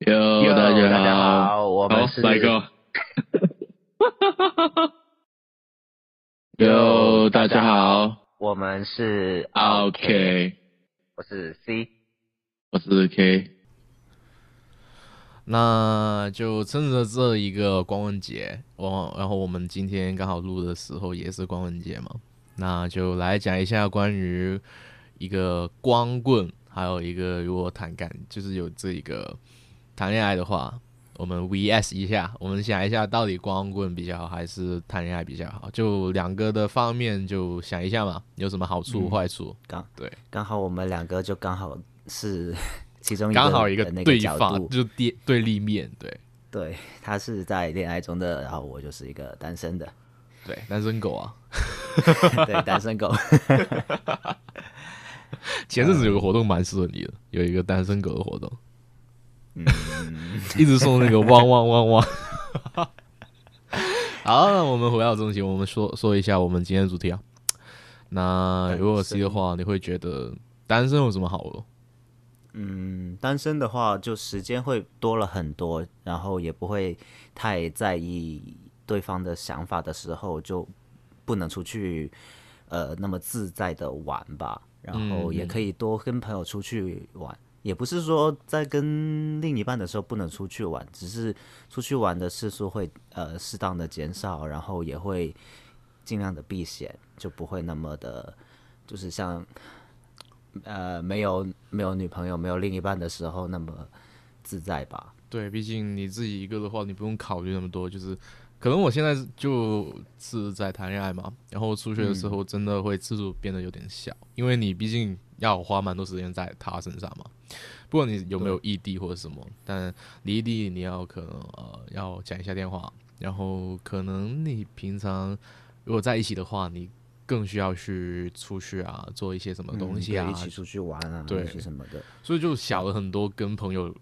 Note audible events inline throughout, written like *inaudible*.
喲，Yo, Yo, 大家好，我們是賴哥。哈哈哈！哈哈 Yo，大家好，我們是 OK，, okay. 我是 C，我是 K。那就趁着這一個光棍節，我然後我們今天剛好錄的時候也是光棍節嘛，那就來講一下關於一個光棍，還有一個如果談感，就是有這一個。談戀愛的話，我們 V S 一下，我們想一下，到底光棍比較好還是談戀愛比較好？就兩個的方面，就想一下嘛，有什麼好處壞處？嗯、剛對，剛好我們兩個就剛好是其中一個剛好一個對，那個角度，就對對立面對，對，他是在戀愛中的，然後我就是一個單身的，對單身狗啊， *laughs* *laughs* 對單身狗。 *laughs* 前陣子有個活動蠻適合你的，有一個單身狗的活動。嗯， *laughs* 一直送那個汪汪汪汪。 *laughs* 好，那我們回到中心，我們說說一下我們今天的主題啊。那如果是的話，單身，你會覺得單身有什麼好？嗯，單身的話，就時間會多了很多，然後也不會太在意對方的想法的時候，就不能出去呃那麼自在的玩吧，然後也可以多跟朋友出去玩。嗯嗯。也不是說在跟另一半的時候不能出去玩，只是出去玩的次數會呃適當的減少，然後也會盡量的避險，就不會那麼的，就是像呃沒有沒有女朋友沒有另一半的時候那麼自在吧。對，畢竟你自己一個的話，你不用考慮那麼多，就是。可能我現在就是在談戀愛嘛，然後出去的時候真的會次數變得有點小，嗯、因為你畢竟要花蠻多時間在他身上嘛。不管你有沒有異地或者什麼，對但異地你要可能呃要講一下電話，然後可能你平常如果在一起的話，你更需要去出去啊，做一些什麼東西啊，嗯、一起出去玩啊，對，什麼的，所以就小了很多跟朋友。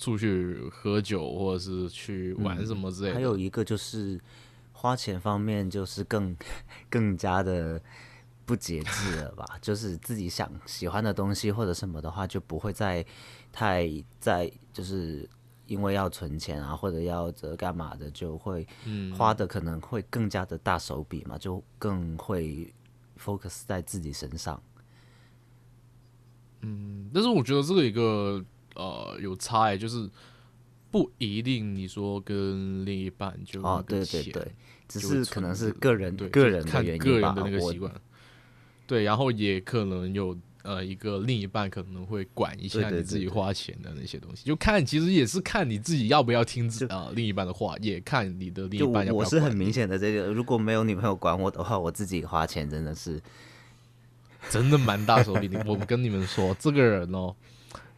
出去喝酒或者是去玩什麼之類的，嗯、還有一個就是花錢方面就是更更加的不節制了吧， *laughs* 就是自己想喜歡的東西或者什麼的話就不會再太在，就是因為要存錢啊或者要幹嘛的，就會花的可能會更加的大手筆嘛，嗯、就更會 focus 在自己身上。嗯，但是我覺得這個一個。呃，有差哎，就是不一定。你說跟另一半就，哦，對，對對對，只是可能是個人對個人看個人的那個習慣。對，然後也可能有呃，一個另一半可能會管一下你自己花錢的那些東西，就看其實也是看你自己要不要聽啊就、呃、另一半的話，也看你的另一半要不要管你。我是很明顯的，這個如果沒有女朋友管我的話，我自己花錢真的是真的蠻大手筆的。 *laughs* 我跟你們說，這個人哦。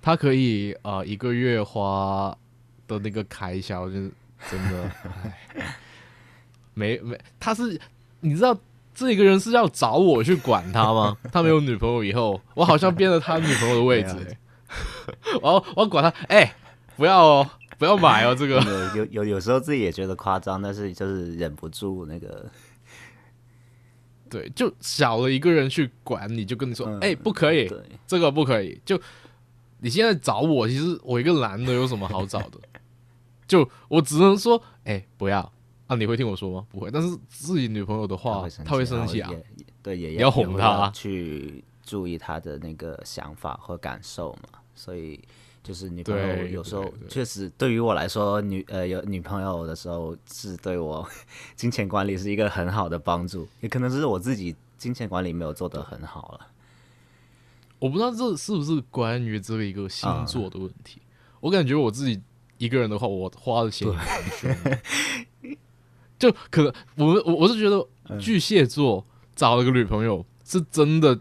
他可以啊、呃，一個月花的那個開銷，就是、真的哎，沒沒，他是你知道這一個人是要找我去管他嗎？他沒有女朋友以後，我好像變了他女朋友的位置，我、哦、我管他，哎，不要哦，不要買哦，這個有有有時候自己也覺得誇張，但是就是忍不住那個，對，就少了一個人去管，你就跟你說，嗯、哎，不可以，對這個不可以，就。你現在找我，其實我一個男的有什麼好找的？ *laughs* 就我只能說，哎、欸，不要啊！你會聽我說嗎？不會。但是自己女朋友的話，她會生氣啊。也啊對，也要哄她，啊，會去注意她的那個想法和感受嘛。所以，就是女朋友有時候確實，對於我來說，女呃有女朋友的時候，是對我金錢管理是一個很好的幫助。也可能是我自己金錢管理沒有做得很好了。我不知道這是不是關於這個一個星座的問題。啊、我感覺我自己一個人的話，我花的錢就可能我，我我是覺得巨蟹座找了個女朋友、嗯、是真的，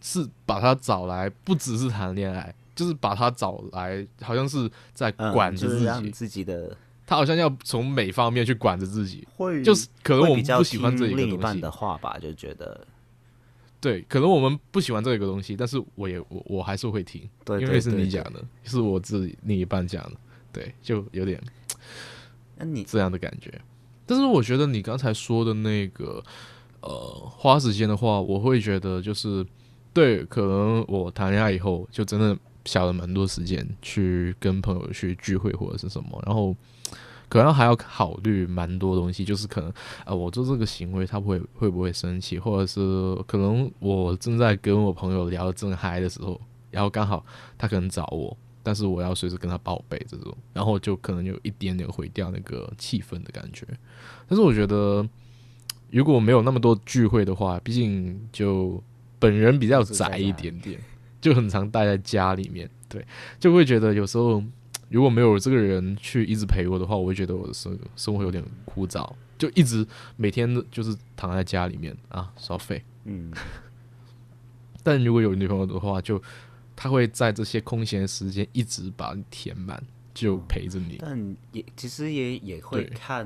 是把她找來不只是談戀愛，就是把她找來，好像是在管着自己、嗯就是、自己的。她好像要從每方面去管着自己，會就是可能我們比較聽另一半的話吧，就覺得。對，可能我們不喜歡這個東西，但是我也我我還是會聽，對對，因為是你講的，對對對，是我自己另一半講的，對，就有點，啊、你這樣的感覺。但是我覺得你剛才說的那個，呃，花時間的話，我會覺得就是，對，可能我談戀愛以後就真的少了蠻多時間去跟朋友去聚會或者是什麼，然後。可能還要考慮蠻多東西，就是可能，啊、呃，我做這個行為，他會會不會生氣，或者是可能我正在跟我朋友聊得正嗨的時候，然後剛好他可能找我，但是我要隨時跟他報備這種，然後就可能有一點點毀掉那個氣氛的感覺。但是我覺得，如果沒有那麼多聚會的話，畢竟就本人比較宅一點點，就很常待在家裡面，對，就會覺得有時候。如果沒有這個人去一直陪我的話，我會覺得我的生生活有點枯燥，就一直每天就是躺在家裡面啊，耍廢。嗯， *laughs* 但如果有女朋友的話，就她會在這些空閒時間一直把你填滿，就陪着你哦。但也其實也也會看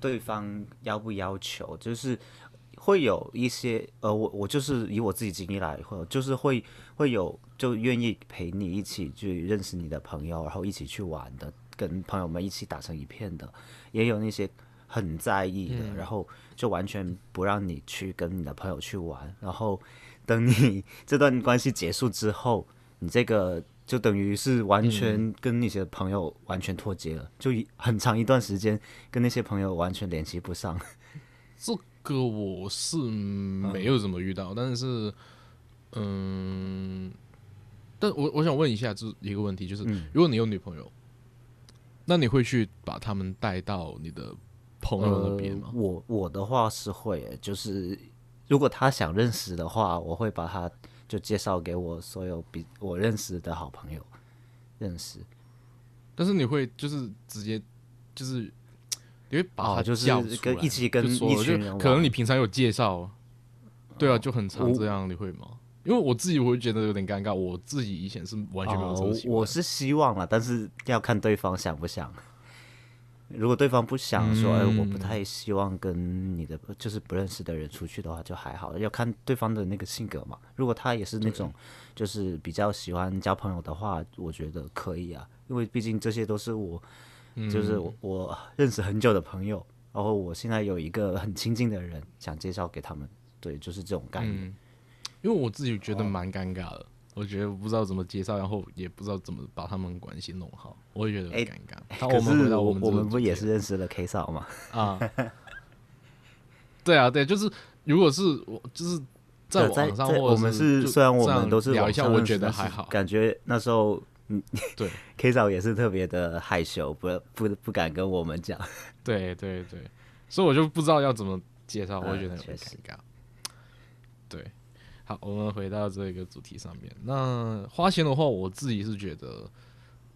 對對方要不要求，就是。會有一些呃、我我就是以我自己經歷來，就是會會有就願意陪你一起去認識你的朋友，然後一起去玩的，跟朋友們一起打成一片的，也有那些很在意的，然後就完全不讓你去跟你的朋友去玩，然後等你這段關係結束之後，你這個就等於是完全跟那些朋友完全脫節了，嗯、就很長一段時間跟那些朋友完全聯繫不上，so 這個我是沒有怎麼遇到，啊、但是，嗯，但我我想問一下，就是一個問題，就是、嗯、如果你有女朋友，那你會去把他們帶到你的朋友那邊嗎？呃、我我的話是會，就是如果他想認識的話，我會把他就介紹給我所有比我認識的好朋友認識。但是你會就是直接就是。因為把他叫出來，就說了。就可能你平常有介紹，哦、對啊，就很常這樣。我你會嗎？因為我自己我會覺得有點尷尬。我自己以前是完全沒有、哦、我是希望啊，但是要看對方想不想。如果對方不想說，哎、嗯欸，我不太希望跟你的就是不認識的人出去的話，就還好。要看對方的那個性格嘛。如果他也是那種對就是比較喜歡交朋友的話，我覺得可以啊。因為畢竟這些都是我。嗯、就是我認識很久的朋友，然後我現在有一個很親近的人，想介紹給他們，對，就是這種概念。嗯、因為我自己覺得蠻尷尬的，oh, 我覺得我不知道怎麼介紹，然後也不知道怎麼把他們關係弄好，我也覺得很尷尬。欸、我們我們不也是認識了 K 嫂嗎？啊， *laughs* 啊，對啊，對，就是如果是我，就是在網上或者是在，在我們是雖然我們都是聊一下，我覺得還好，感覺那時候。嗯，對，K 嫂也是特別的害羞，不不不敢跟我們講。對對對，所以我就不知道要怎麼介紹， *laughs* 我覺得很尷尬。嗯、對，好，我們回到這個主題上面。那花錢的話，我自己是覺得，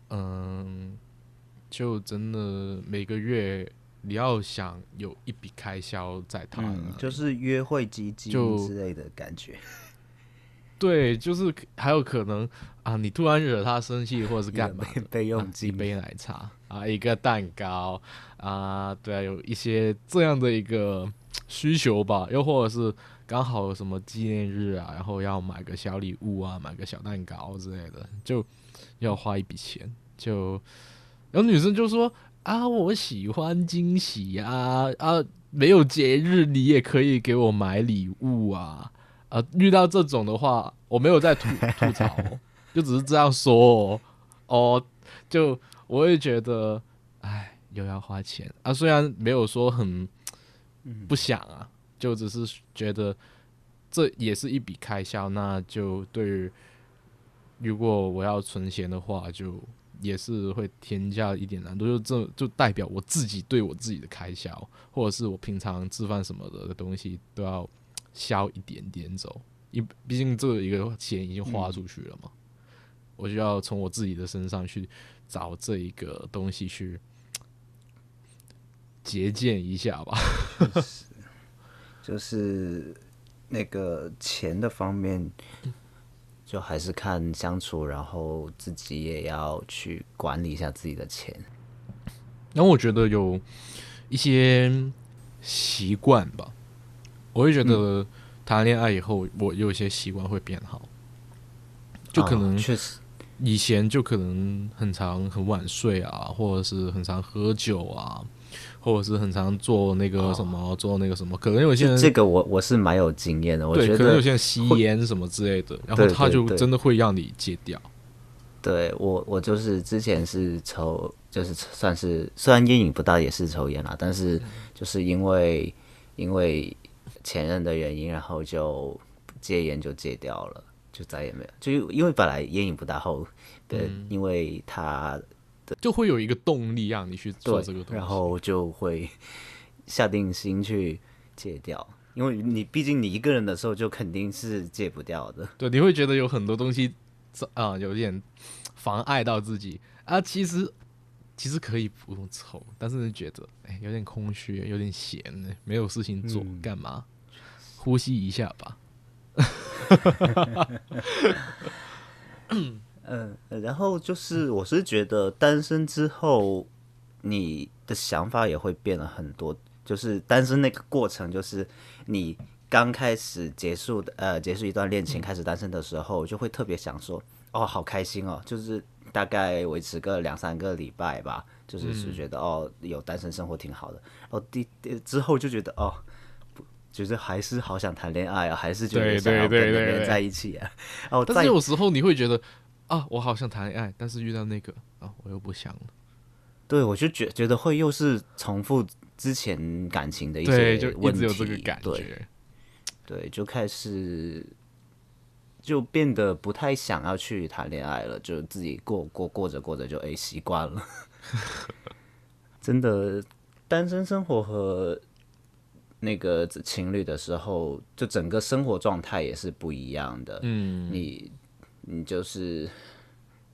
嗯，就真的每個月你要想有一筆開銷在它，就是約會基金就之類的感覺。對，就是還有可能啊，你突然惹他生氣，或者是幹嘛？備用機、啊、一杯奶茶啊，一個蛋糕啊，對啊，有一些這樣的一個需求吧，又或者是剛好什麼紀念日啊，然後要買個小禮物啊，買個小蛋糕之類的，就要花一筆錢。就有女生就說啊，我喜歡驚喜啊，啊，沒有節日你也可以給我買禮物啊。呃、啊，遇到這種的話，我沒有在吐吐槽、哦， *laughs* 就只是這樣說哦，哦。就我會覺得，唉，又要花錢啊。雖然沒有說很不想啊，就只是覺得這也是一筆開銷。那就對於如果我要存錢的話，就也是會添加一點難度。就這就代表我自己對我自己的開銷，或者是我平常吃飯什麼的東西都要。消一點點走，因畢竟這一個錢已經花出去了嘛，嗯，我就要從我自己的身上去找這一個東西去節儉一下吧。就是就是那個錢的方面， *laughs* 就還是看相處，然後自己也要去管理一下自己的錢。那我覺得有一些習慣吧。我會覺得談戀愛以後，我有一些習慣會變好，就可能確實以前就可能很常很晚睡啊，或者是很常喝酒啊，或者是很常做那個什麼做那個什麼。可能有些人這個我我是蠻有經驗的，我覺得可能有些人吸煙什麼之類的，然後他就真的會讓你戒掉、嗯嗯嗯嗯。對，我我就是之前是抽，就是算是雖然煙癮不大，也是抽煙啦，但是就是因為因為。前任的原因，然後就戒煙，就戒掉了，就再也沒有。就因為本來煙癮不大，後，對，嗯、因為他的就會有一個動力讓、啊、你去做這個，東西，然後就會下定心去戒掉。因為你畢竟你一個人的時候，就肯定是戒不掉的。對，你會覺得有很多東西，啊，有點妨礙到自己啊。其實其實可以不用抽，但是你覺得哎，有點空虛，有點閒，沒有事情做，嗯、幹嘛？呼吸一下吧。 *laughs* *laughs* 嗯，然後就是，我是覺得單身之後，你的想法也會變了很多。就是，單身那個過程，就是你剛開始結束，呃，結束一段戀情，開始單身的時候，就會特別想說：嗯、哦，好開心哦。就是大概維持個兩三個禮拜吧，就是，是覺得、嗯、哦，有單身生活挺好的。哦，第之後就覺得哦。就是還是好想談戀愛啊，還是覺得想要跟人在一起啊。哦，但是有時候你會覺得在啊，我好想談戀愛，但是遇到那個啊、哦，我又不想了。對，我就覺得覺得會又是重複之前感情的一些問題。對，就一直有這個感覺。對，就開始就變得不太想要去談戀愛了，就自己過過過着過着就哎習慣了。 *laughs* 真的，單身生活和。那個情侶的時候，就整個生活狀態也是不一樣的。嗯，你你就是，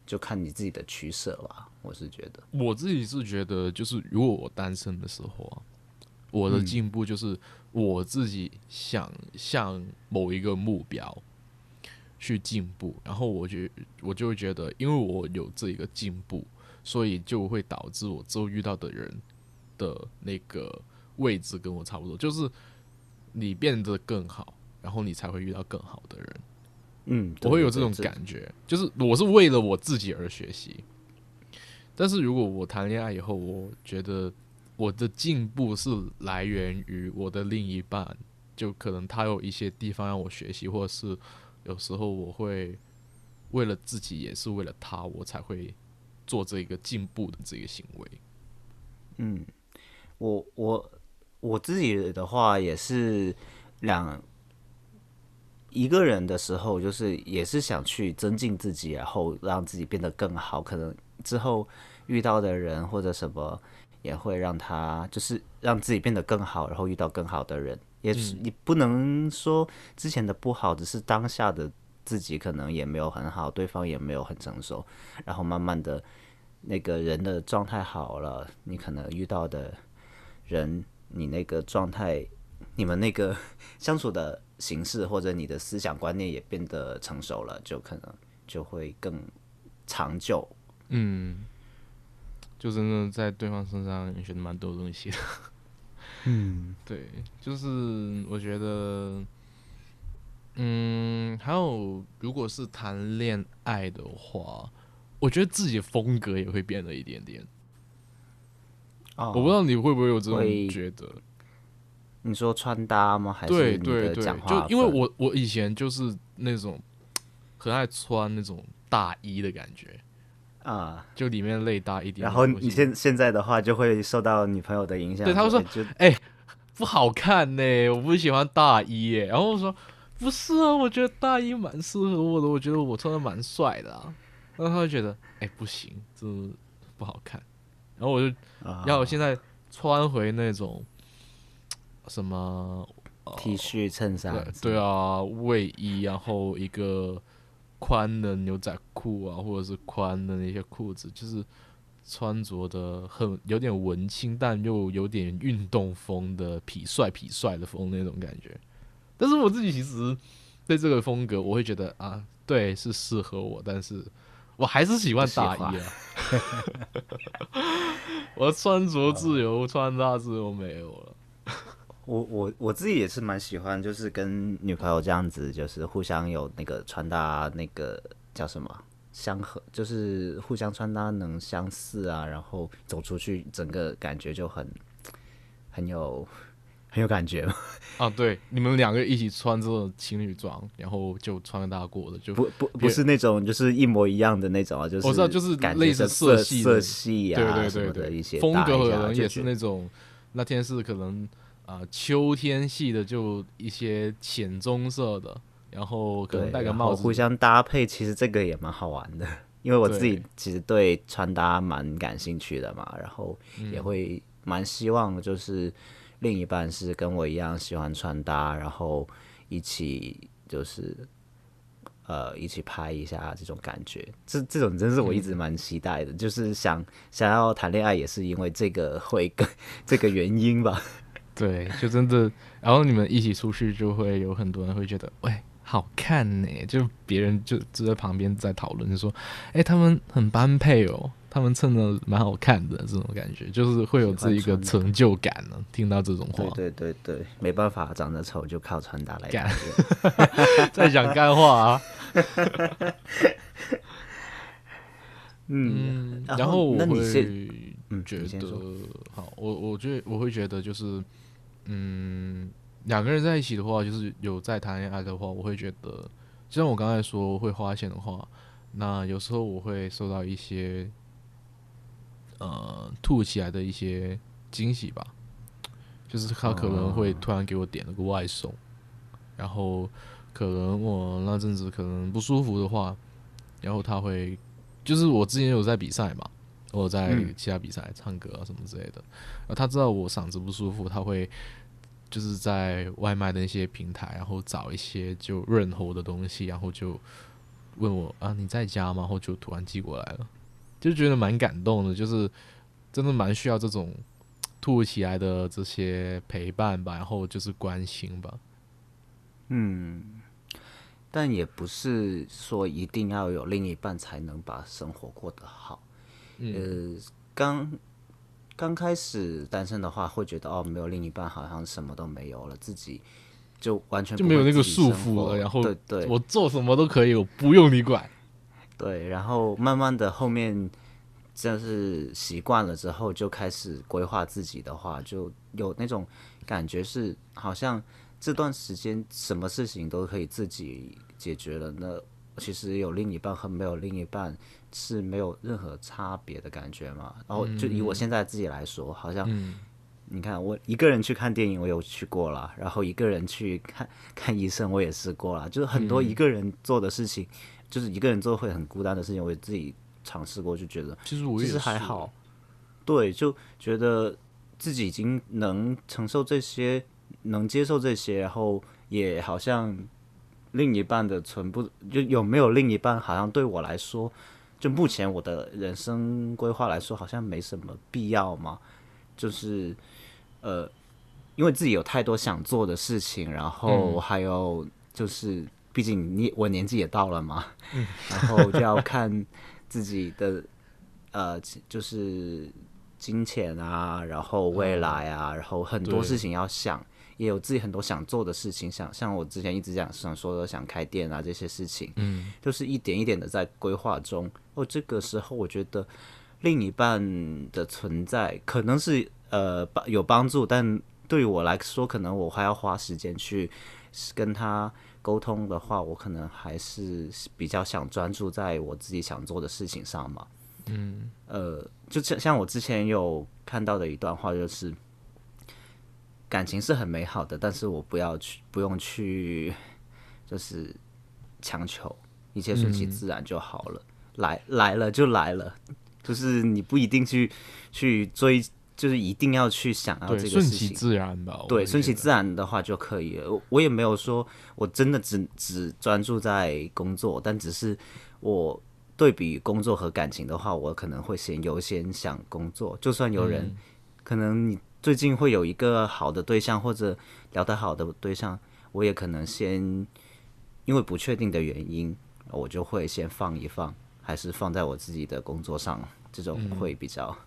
就看你自己的取捨吧。我是覺得，我自己是覺得，就是如果我單身的時候、啊、我的進步就是我自己想向某一個目標去進步，嗯、然後我就我就會覺得，因為我有這一個進步，所以就會導致我之後遇到的人的那個位置跟我差不多，就是你變得更好，然後你才會遇到更好的人。嗯，我會有這種感覺，就是我是為了我自己而學習。但是如果我談戀愛以後，我覺得我的進步是來源於我的另一半，嗯、就可能他有一些地方讓我學習，或者是有時候我會為了自己，也是為了他，我才會做這個進步的這個行為。嗯，我我。我自己的話也是兩一個人的時候，就是也是想去增進自己，然後讓自己變得更好。可能之後遇到的人或者什麼，也會讓他就是讓自己變得更好，然後遇到更好的人。也是你不能說之前的不好，只是當下的自己可能也沒有很好，對方也沒有很成熟。然後慢慢的那個人的狀態好了，你可能遇到的人。你那個狀態，你們那個相處的形式，或者你的思想觀念也變得成熟了，就可能就會更長久。嗯，就真的在對方身上也學的蠻多東西的。嗯，對，就是我覺得，嗯，還有如果是談戀愛的話，我覺得自己的風格也會變得一點點。Oh, 我不知道你會不會有這種覺得？你說穿搭嗎？還是對對對，就因為我我以前就是那種很愛穿那種大衣的感覺啊，uh, 就裡面內搭一點。然後你現現在的話就會受到女朋友的影響，對，她會說：“哎、就、欸，不好看呢、欸，我不喜歡大衣、欸。”然後我說：“不是啊，我覺得大衣蠻適合我的，我覺得我穿的蠻帥的啊。”然後她會覺得：“哎、欸，不行，這不好看。”然後我就要我現在穿回那種什麼 T 恤、襯衫，對啊，衛衣，然後一個寬的牛仔褲啊，或者是寬的那些褲子，就是穿着的很有點文青，但又有點運動風的痞帥、痞帥的風那種感覺。但是我自己其實對這個風格，我會覺得啊，對，是適合我，但是。我還是喜歡大衣啊，喜 *laughs* *laughs* 我穿着自由，穿搭自由沒有了我。我我我自己也是蠻喜歡，就是跟女朋友這樣子，就是互相有那個穿搭，那個叫什麼相合，就是互相穿搭能相似啊，然後走出去，整個感覺就很很有。很有感覺啊，對，你們兩個一起穿這種情侶裝，然後就穿搭過的，就不不不是那種就是一模一樣的那種啊，就是我知道，就是類似色系，色，色系啊，對對，對對對，什麼的一些風格可能也是那種。那天是可能、呃、秋天系的就一些淺棕色的，然後可能戴個帽子，互相搭配，其實這個也蠻好玩的。因為我自己其實對穿搭蠻感興趣的嘛，然後也會蠻希望就是。另一半是跟我一樣喜歡穿搭，然後一起就是呃一起拍一下這種感覺，這這種真是我一直蠻期待的，嗯、就是想想要談戀愛也是因為這個會跟這個原因吧。對，就真的，然後你們一起出去就會有很多人會覺得，喂，好看呢，就別人就就在旁邊在討論就說，誒、欸，他們很般配哦。他們穿得蠻好看的，這種感覺就是會有這一個成就感呢、啊。聽到這種話，對對對，對沒辦法，長得醜就靠穿搭來幹。在講幹話啊。嗯，然後我會覺得、嗯、好？我我覺得我會覺得就是，嗯，兩個人在一起的話，就是有在談戀愛的話，我會覺得，就像我剛才說會花錢的話，那有時候我會受到一些。呃，突如其來的一些驚喜吧，就是他可能會突然給我點了個外送，哦、然後可能我那陣子可能不舒服的話，然後他會就是我之前有在比賽嘛，我在其他比賽唱歌啊什麼之類的，嗯、他知道我嗓子不舒服，他會就是在外賣的一些平台，然後找一些就潤喉的東西，然後就問我啊，你在家嗎？然後就突然寄過來了。就覺得蠻感動的，就是真的蠻需要這種突如其來的這些陪伴吧，然後就是關心吧。嗯，但也不是說一定要有另一半才能把生活過得好。嗯、呃，剛剛開始單身的話，會覺得哦，沒有另一半好像什麼都沒有了，自己就完全就沒有那個束縛了。然後對對，我做什麼都可以，我不用你管。 *laughs* 對，然後慢慢的後面就是習慣了之後，就開始規劃自己的話，就有那種感覺是好像這段時間什麼事情都可以自己解決了。那其實有另一半和沒有另一半是沒有任何差別的感覺嘛？然後就以我現在自己來說，好像你看我一個人去看電影，我有去過了；然後一個人去看看醫生，我也試過了。就是很多一個人做的事情。就是一個人做會很孤單的事情，我也自己嘗試過，就覺得其實我一直還好。對，就覺得自己已經能承受這些，能接受這些，然後也好像另一半的存不就有沒有另一半，好像對我來說，就目前我的人生規劃來說，好像沒什麼必要嘛。就是呃，因為自己有太多想做的事情，然後還有就是。嗯畢竟你我年紀也到了嘛，嗯、 *laughs* 然後就要看自己的呃，就是金錢啊，然後未來啊，嗯、然後很多事情要想，對也有自己很多想做的事情，想像我之前一直講，想說的，想開店啊這些事情，嗯，就是一點一點的在規劃中。哦，這個時候我覺得另一半的存在可能是呃有幫助，但對我來說，可能我還要花時間去跟他。溝通的話，我可能還是比較想專注在我自己想做的事情上嘛。嗯，呃，就像像我之前有看到的一段話，就是感情是很美好的，但是我不要去，不用去，就是強求，一切順其自然就好了。嗯、來來了就來了，就是你不一定去去追。就是一定要去想要這個事情，順其自然的。對，順其自然的話就可以了。我我也沒有說我真的只只專注在工作，但只是我對比工作和感情的話，我可能會先優先想工作。就算有人、嗯、可能你最近會有一個好的對象或者聊得好的對象，我也可能先因為不確定的原因，我就會先放一放，還是放在我自己的工作上，這種會比較。嗯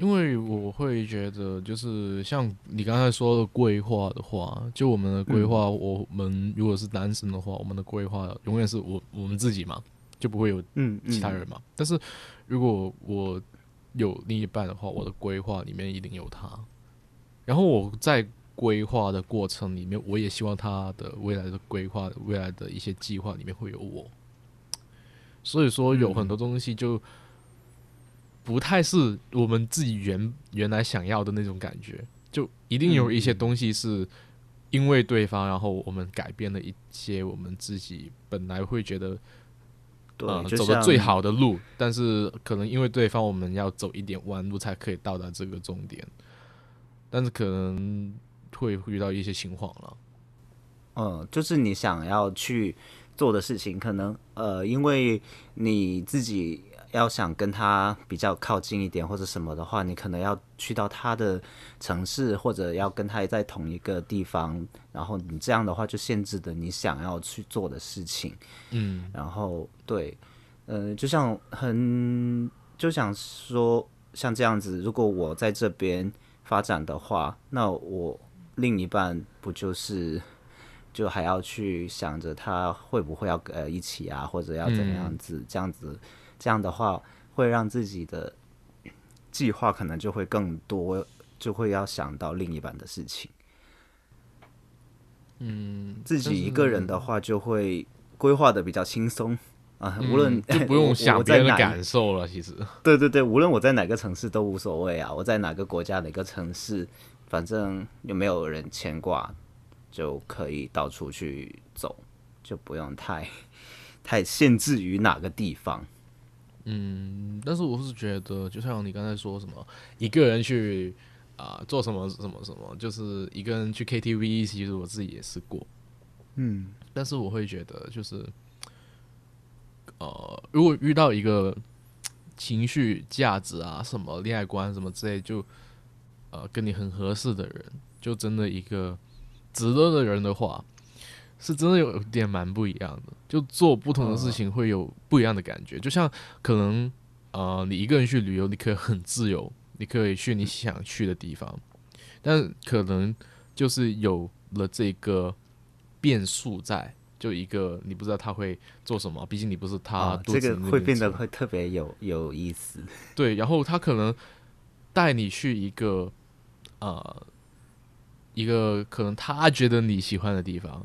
因為我會覺得，就是像你剛才說的規劃的話，就我們的規劃，我們如果是單身的話，我們的規劃永遠是我我們自己嘛，就不會有其他人嘛。但是，如果我有另一半的話，我的規劃裡面一定有他。然後我在規劃的過程裡面，我也希望他的未來的規劃、未來的一些計劃裡面會有我。所以說，有很多東西就。不太是我們自己原原來想要的那種感覺，就一定有一些東西是因為對方，嗯、然後我們改變了一些我們自己本來會覺得，對，呃、像走的最好的路，但是可能因為對方，我們要走一點彎路才可以到達這個終點，但是可能會遇到一些情況了。嗯，就是你想要去做的事情，可能呃，因為你自己。要想跟他比較靠近一點或者什麼的話，你可能要去到他的城市，或者要跟他在同一個地方。然後你這樣的話就限制的你想要去做的事情。嗯，然後對，嗯、呃，就像很就想說像這樣子，如果我在這邊發展的話，那我另一半不就是就還要去想着他會不會要呃一起啊，或者要怎樣子、嗯、這樣子。這樣的話會讓自己的計劃可能就會更多，就會要想到另一半的事情。嗯，自己一個人的話就會規劃的比較輕鬆、嗯、啊，無論、嗯、就不用想這個感受了。受了其實，對對對，無論我在哪個城市都無所謂啊，我在哪個國家哪個城市，反正有沒有人牽掛，就可以到處去走，就不用太太限制於哪個地方。嗯，但是我是覺得，就像你剛才說什麼，一個人去啊、呃、做什麼什麼什麼，就是一個人去 KTV，其實我自己也試過。嗯，但是我會覺得，就是，呃，如果遇到一個情緒價值啊，什麼戀愛觀什麼之類，就呃，跟你很合適的人，就真的一個值得的人的話。是真的有點蠻不一樣的，就做不同的事情會有不一樣的感覺。哦、就像可能呃，你一個人去旅遊，你可以很自由，你可以去你想去的地方，但可能就是有了這個變數在，就一個你不知道他會做什麼。畢竟你不是他，啊，這個會變得會特別有有意思。對，然後他可能帶你去一個呃，一個可能他覺得你喜歡的地方。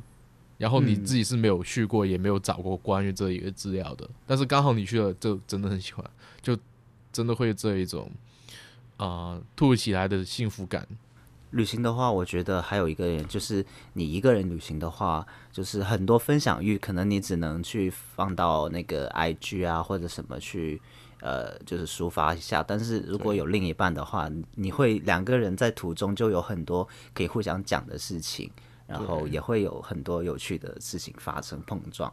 然後你自己是沒有去過，嗯、也沒有找過關於這一個資料的。但是剛好你去了，就真的很喜歡，就真的會有這一種啊突如其來的幸福感。旅行的話，我覺得還有一個人，就是你一個人旅行的話，就是很多分享欲，可能你只能去放到那個 IG 啊，或者什麼去呃就是抒發一下。但是如果有另一半的話，你會兩個人在途中就有很多可以互相講的事情。然後也會有很多有趣的事情發生碰撞，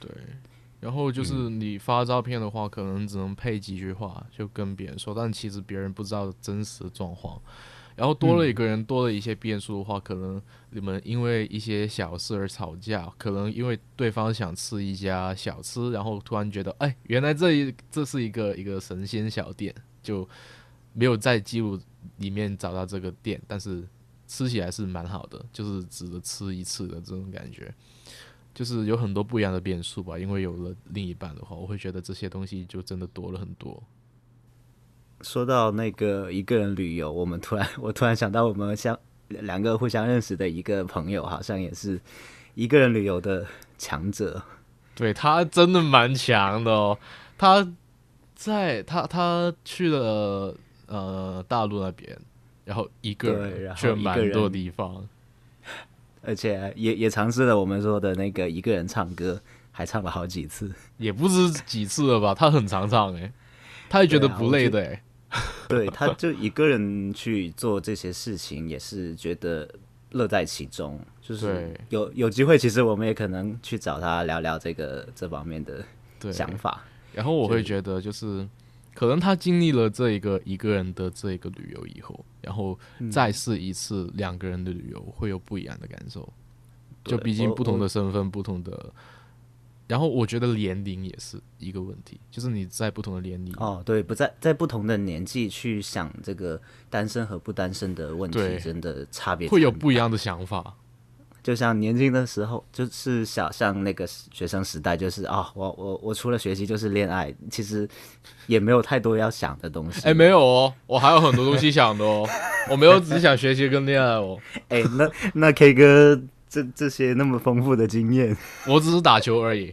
對。然後就是你發照片的話，嗯、可能只能配幾句話就跟別人說，但其實別人不知道真實的狀況。然後多了一個人，嗯、多了一些變數的話，可能你們因為一些小事而吵架，可能因為對方想吃一家小吃，然後突然覺得，哎，原來這一這是一個一個神仙小店，就沒有在記錄裡面找到這個店，但是。吃起來是蠻好的，就是只吃一次的這種感覺，就是有很多不一樣的變數吧。因為有了另一半的話，我會覺得這些東西就真的多了很多。說到那個一個人旅遊，我們突然我突然想到，我們相兩個互相認識的一個朋友，好像也是一個人旅遊的強者。對，他真的蠻強的哦，他在他他去了呃大陸那邊。然後，然後一個人，去蠻多地方，而且也也嘗試了我們說的那個一個人唱歌，還唱了好幾次，也不是幾次了吧？他很常唱哎、欸，他也覺得不累的哎、欸，對，他就一個人去做這些事情，也是覺得樂在其中。 *laughs* 就是有有機會，其實我們也可能去找他聊聊這個這方面的想法。然後我會覺得就是。可能他經歷了這一個一個人的這個旅遊以後，然後再試一次兩個人的旅遊，會有不一樣的感受。嗯、就畢竟不同的身份，不同的，然後我覺得年齡也是一個問題，就是你在不同的年齡，哦，對，不在在不同的年紀去想這個單身和不單身的問題，真的差別會有不一樣的想法。就像年輕的時候，就是想像那個學生時代，就是啊、哦，我我我除了學習就是戀愛，其實也沒有太多要想的東西。哎、欸，沒有哦，我還有很多東西想的哦， *laughs* 我沒有只想學習跟戀愛哦。哎、欸，那那 K 哥這這些那麼豐富的經驗，我只是打球而已。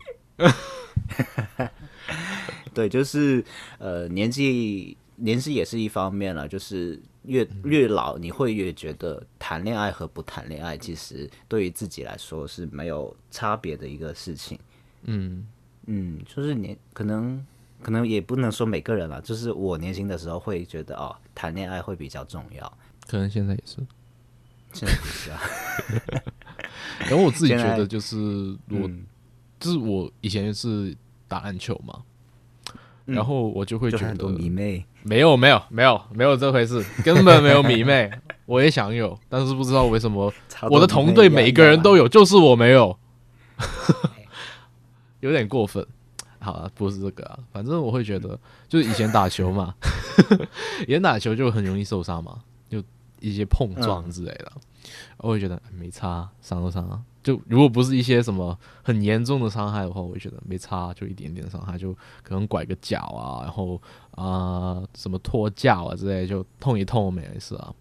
*laughs* 對，就是呃，年紀年紀也是一方面了，就是。越越老，你會越覺得談戀愛和不談戀愛，其實對於自己來說是沒有差別的一個事情。嗯嗯，就是年可能可能也不能說每個人了，就是我年輕的時候會覺得哦，談戀愛會比較重要。可能現在也是，現在不是啊。然後我自己覺得，就是、嗯、我就是我以前是打籃球嘛，嗯、然後我就會覺得會迷妹。沒有沒有沒有沒有這回事，根本沒有迷妹， *laughs* 我也想有，但是不知道為什麼我的同隊每一個人都有，就是我沒有， *laughs* 有點過分。好了、啊，不是這個啊，反正我會覺得， *laughs* 就是以前打球嘛， *laughs* 以前打球就很容易受傷嘛，就一些碰撞之類的，嗯、我會覺得沒差、啊，傷就傷啊。就如果不是一些什麼很嚴重的傷害的話，我覺得沒差，就一點點傷害就可能拐個腳啊，然後啊、呃、什麼脫臼啊之類，就痛一痛沒事啊。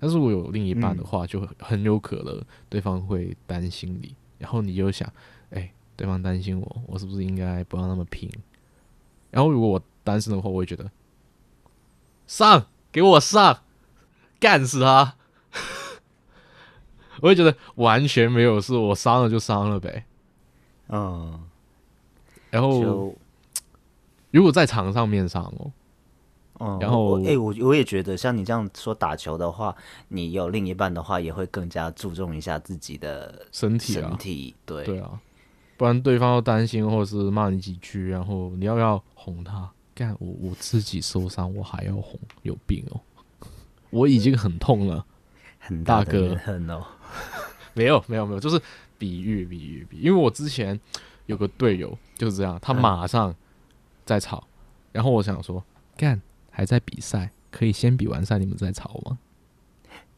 但是我有另一半的話，嗯、就很有可能對方會擔心你，然後你就想，哎、欸，對方擔心我，我是不是應該不要那麼拼？然後如果我單身的話，我會覺得，上，給我上，幹死他！我也覺得完全沒有事，我傷了就傷了唄。嗯，然後如果在場上面傷哦，嗯、然後哎、欸，我我也覺得像你這樣說打球的話，你有另一半的話，也會更加注重一下自己的身體身體、啊、對對啊，不然對方要擔心，或者是罵你幾句，然後你要不要哄他？幹我我自己受傷，我還要哄，有病哦！我已經很痛了。嗯很大哥、哦，很哦，沒有沒有沒有，就是比喻比喻比，因為我之前有個隊友就是這樣，他馬上在吵，嗯、然後我想說幹，還在比賽，可以先比完賽你們再吵嗎？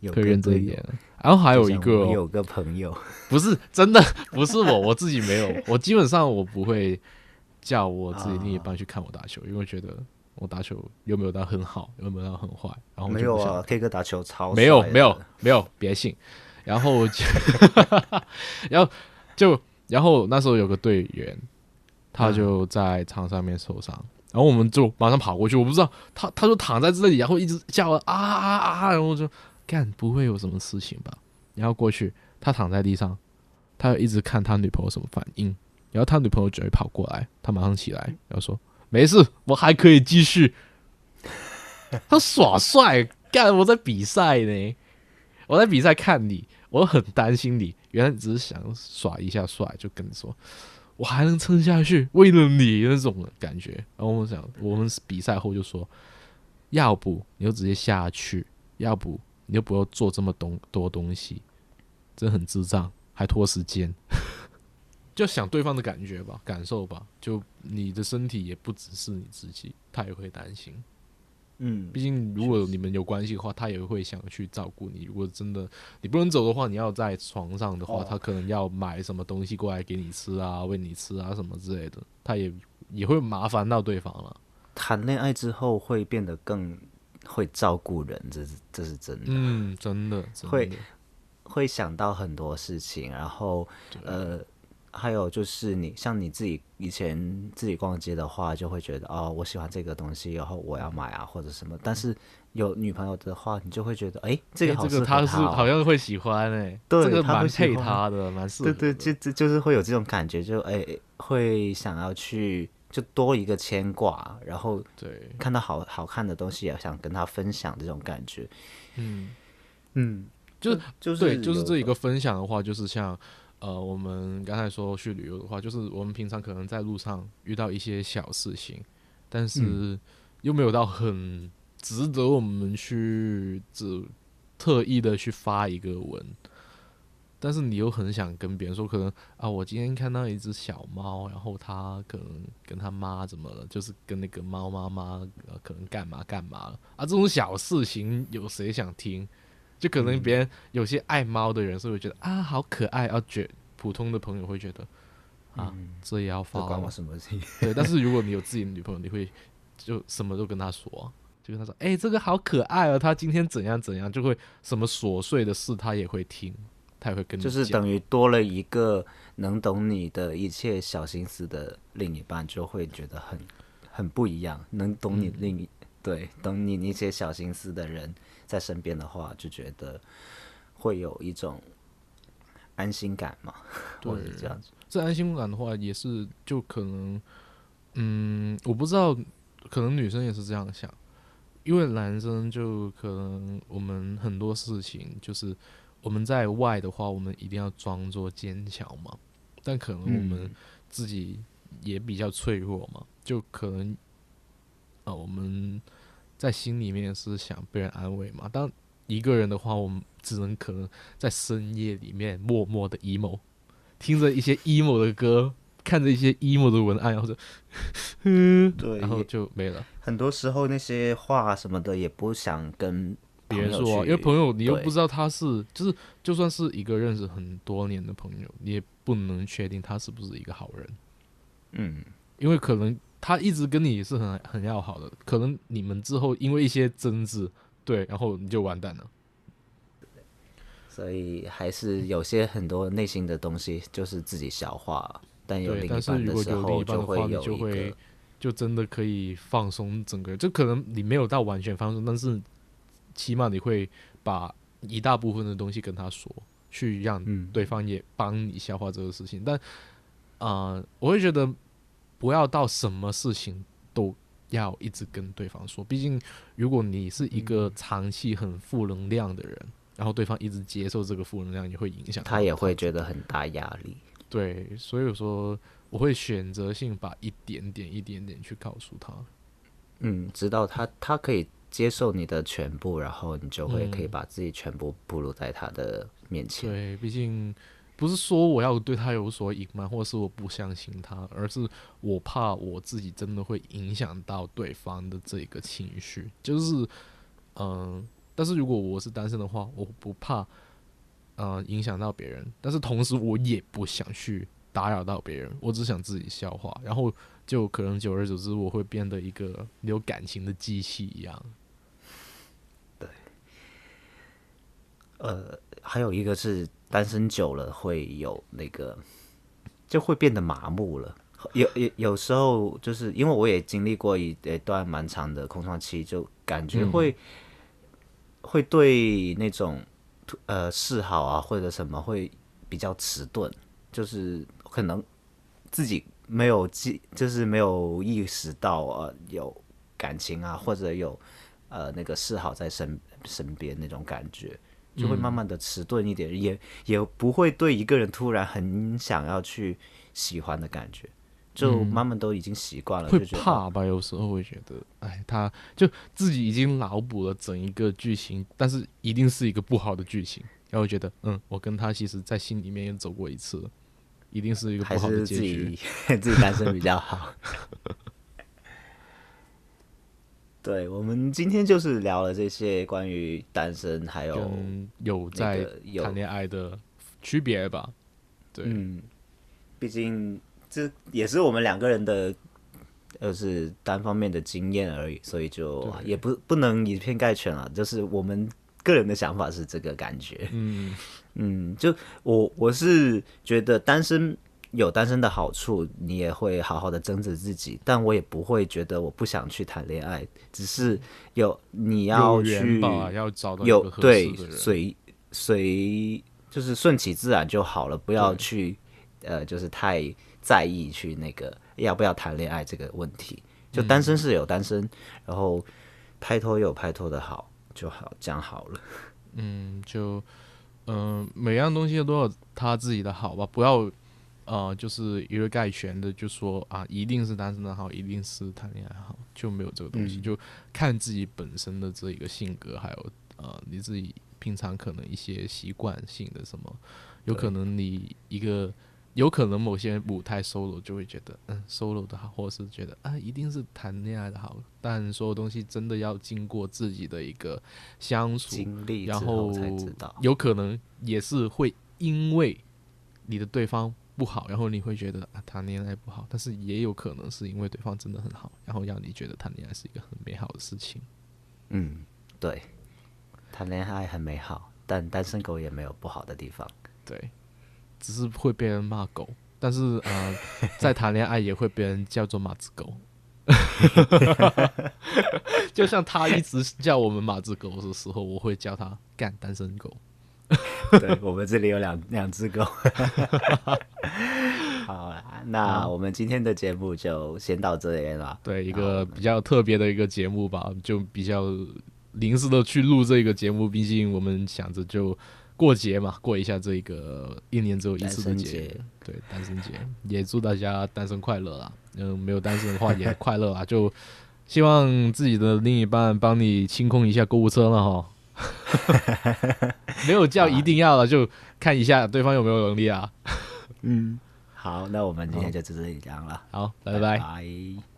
有可以認真一點。然後還有一個、哦，有個朋友，不是真的，不是我，我自己沒有， *laughs* 我基本上我不會叫我自己另一半去看我打球，因為我覺得。我打球有沒有打很好，有沒有打很壞，然後沒有啊，K 哥打球超帥的。沒有沒有沒有，別信。然後就， *laughs* *laughs* 然後就然後那時候有個隊員，他就在場上面受傷，啊、然後我們就馬上跑過去。我不知道他，他就躺在這裡，然後一直叫啊啊啊！然後我就幹，不會有什麼事情吧？然後過去，他躺在地上，他就一直看他女朋友什麼反應。然後他女朋友準備跑過來，他馬上起來，然後說。沒事，我還可以繼續。他耍帥，幹！我在比賽呢，我在比賽看你，我很擔心你。原來只是想耍一下帥，就跟你說，我還能撐下去，為了你那種感覺。然後我想，我們比賽後就說，要不你就直接下去，要不你就不要做這麼多東多東西，真很智障，還拖時間。就想對方的感覺吧，感受吧。就你的身體也不只是你自己，他也會擔心。嗯，畢竟如果你們有關係的話，他也會想去照顧你。如果真的你不能走的話，你要在床上的話，哦，他可能要買什麼東西過來給你吃啊，餵你吃啊，什麼之類的，他也也會麻煩到對方了啊。談戀愛之後會變得更會照顧人，這是這是真的。嗯，真的，真的會會想到很多事情，然後，對，呃。還有就是，你像你自己以前自己逛街的話，就會覺得哦，我喜歡這個東西，然後我要買啊，或者什麼。但是有女朋友的話，你就會覺得，哎、欸，這個好、哦、這個他是好像會喜歡哎、欸，對，這個蠻配他的，蠻適合的。蠻適合的對，對對，就就，就是會有這種感覺，就哎、欸、會想要去就多一個牽掛，然後對看到好好看的東西也想跟他分享這種感覺。嗯嗯，嗯，就是就是對，就是這一個分享的話，就是像。呃，我們剛才說去旅遊的話，就是我們平常可能在路上遇到一些小事情，但是又沒有到很值得我們去這特意的去發一個文，但是你又很想跟別人說，可能啊，我今天看到一只小貓，然後它可能跟它媽怎麼了，就是跟那個貓媽媽呃，可能幹嘛幹嘛了啊，這種小事情有誰想聽？就可能別人有些愛貓的人，所以會覺得、嗯、啊好可愛啊。覺普通的朋友會覺得、嗯、啊，這也要發？管我什麼事？對。但是如果你有自己的女朋友， *laughs* 你會就什麼都跟她說、啊，就跟她說，哎、欸，這個好可愛啊，她今天怎樣怎樣，就會什麼瑣碎的事她也會聽，她也會跟你。就是等於多了一個能懂你的一切小心思的另一半，就會覺得很很不一樣，能懂你另一、嗯、對懂你那些小心思的人，在身邊的話，就覺得會有一種安心感嘛，對或者這樣子。這安心感的話，也是就可能，嗯，我不知道，可能女生也是這樣想，因為男生就可能我們很多事情，就是我們在外的話，我們一定要裝作堅強嘛，但可能我們自己也比較脆弱嘛，嗯、就可能啊，我們。在心裡面是想被人安慰嘛？當一個人的話，我們只能可能在深夜裡面默默的 emo，聽着一些 emo 的歌，看着一些 emo 的文案，然後就嗯，呵呵對，然後就沒了。很多時候那些話什麼的，也不想跟別人說，哦，因為朋友你又不知道他是對就是就算是一個認識很多年的朋友，你也不能確定他是不是一個好人。嗯，因為可能。他一直跟你是很很要好的，可能你們之後因為一些爭執，對，然後你就完蛋了。所以還是有些很多內心的東西就是自己消化，但有另一半的話，就會就真的可以放鬆整個，就可能你沒有到完全放鬆，但是起碼你會把一大部分的東西跟他說，去讓對方也幫你消化這個事情。嗯，但啊，呃，我會覺得。不要到什麼事情都要一直跟對方說，畢竟如果你是一個長期很負能量的人，嗯、然後對方一直接受這個負能量，你會影響他，他也會覺得很大壓力。對，所以說我會選擇性把一點點一點點去告訴他，嗯，直到他他可以接受你的全部，然後你就會可以把自己全部暴露在他的面前。嗯、對，畢竟。不是說我要對他有所隱瞞，或是我不相信他，而是我怕我自己真的會影響到對方的這個情緒。就是，嗯、呃，但是如果我是單身的話，我不怕，呃，影響到別人。但是同時，我也不想去打擾到別人，我只想自己消化。然後，就可能久而久之，我會變得一個沒有感情的機器一樣。對，呃。還有一個是單身久了會有那個，就會變得麻木了。有有有時候就是因為我也經歷過一段蠻長的空窗期，就感覺會、嗯、會對那種呃示好啊或者什麼會比較遲鈍，就是可能自己沒有記，就是沒有意識到呃、啊、有感情啊或者有呃那個示好在身身邊那種感覺。就會慢慢的遲鈍一點，嗯、也也不會對一個人突然很想要去喜歡的感覺，就慢慢都已經習慣了，就覺得、嗯。會怕吧？有時候會覺得，哎，他就自己已經腦補了整一個劇情，但是一定是一個不好的劇情。然後覺得，嗯，我跟他其實，在心裡面也走過一次，一定是一個不好的結局。還是自己自己單身比較好。 *laughs* 對，我們今天就是聊了這些關於單身還有個有，有在談戀愛的區別吧，對，嗯，畢竟這也是我們兩個人的，就是單方面的經驗而已，所以就對也不不能以偏概全啊，就是我們個人的想法是這個感覺，嗯嗯，就我我是覺得單身。有單身的好處，你也會好好的增值自己，但我也不會覺得我不想去談戀愛，只是有你要去有對，所以所以就是順其自然就好了，不要去對呃就是太在意去那個要不要談戀愛這個問題，就單身是有單身，嗯、然後拍拖有拍拖的好就好講好了，嗯，就嗯、呃、每樣東西都有他自己的好吧，不要。呃，就是以偏概全的，就說啊，一定是單身的好，一定是談戀愛好，就沒有這個東西，嗯、就看自己本身的這一個性格，還有呃，你自己平常可能一些習慣性的什麼，有可能你一個，有可能某些母胎 solo 就會覺得嗯 solo 的好，或是覺得啊一定是談戀愛的好，但所有東西真的要經過自己的一個相處、經歷，然後才知道，有可能也是會因為你的對方不好，然後你會覺得，啊，談戀愛不好，但是也有可能是因為對方真的很好，然後讓你覺得談戀愛是一個很美好的事情。嗯，對，談戀愛很美好，但單身狗也沒有不好的地方。對，只是會被人罵狗，但是啊，呃， *laughs* 在談戀愛也會被人叫做馬子狗。 *laughs* 就像他一直叫我們馬子狗的時候，我會叫他幹單身狗。 *laughs* 對，我們這裡有兩兩隻狗。 *laughs* 好啦，那我們今天的節目就先到這裡了，嗯。對，一個比較特別的一個節目吧，就比較臨時的去錄這個節目。畢竟我們想着就過節嘛，過一下這個一年只有一次的節。單身節。對，單身節也祝大家單身快樂啊！嗯，沒有單身的話也快樂啊， *laughs* 就希望自己的另一半幫你清空一下購物車了哈。 *laughs* 沒有叫一定要了， *laughs* 就看一下對方有沒有能力啊。 *laughs* 嗯，好，那我們今天就到這裡這樣了，嗯，好，拜拜。拜拜。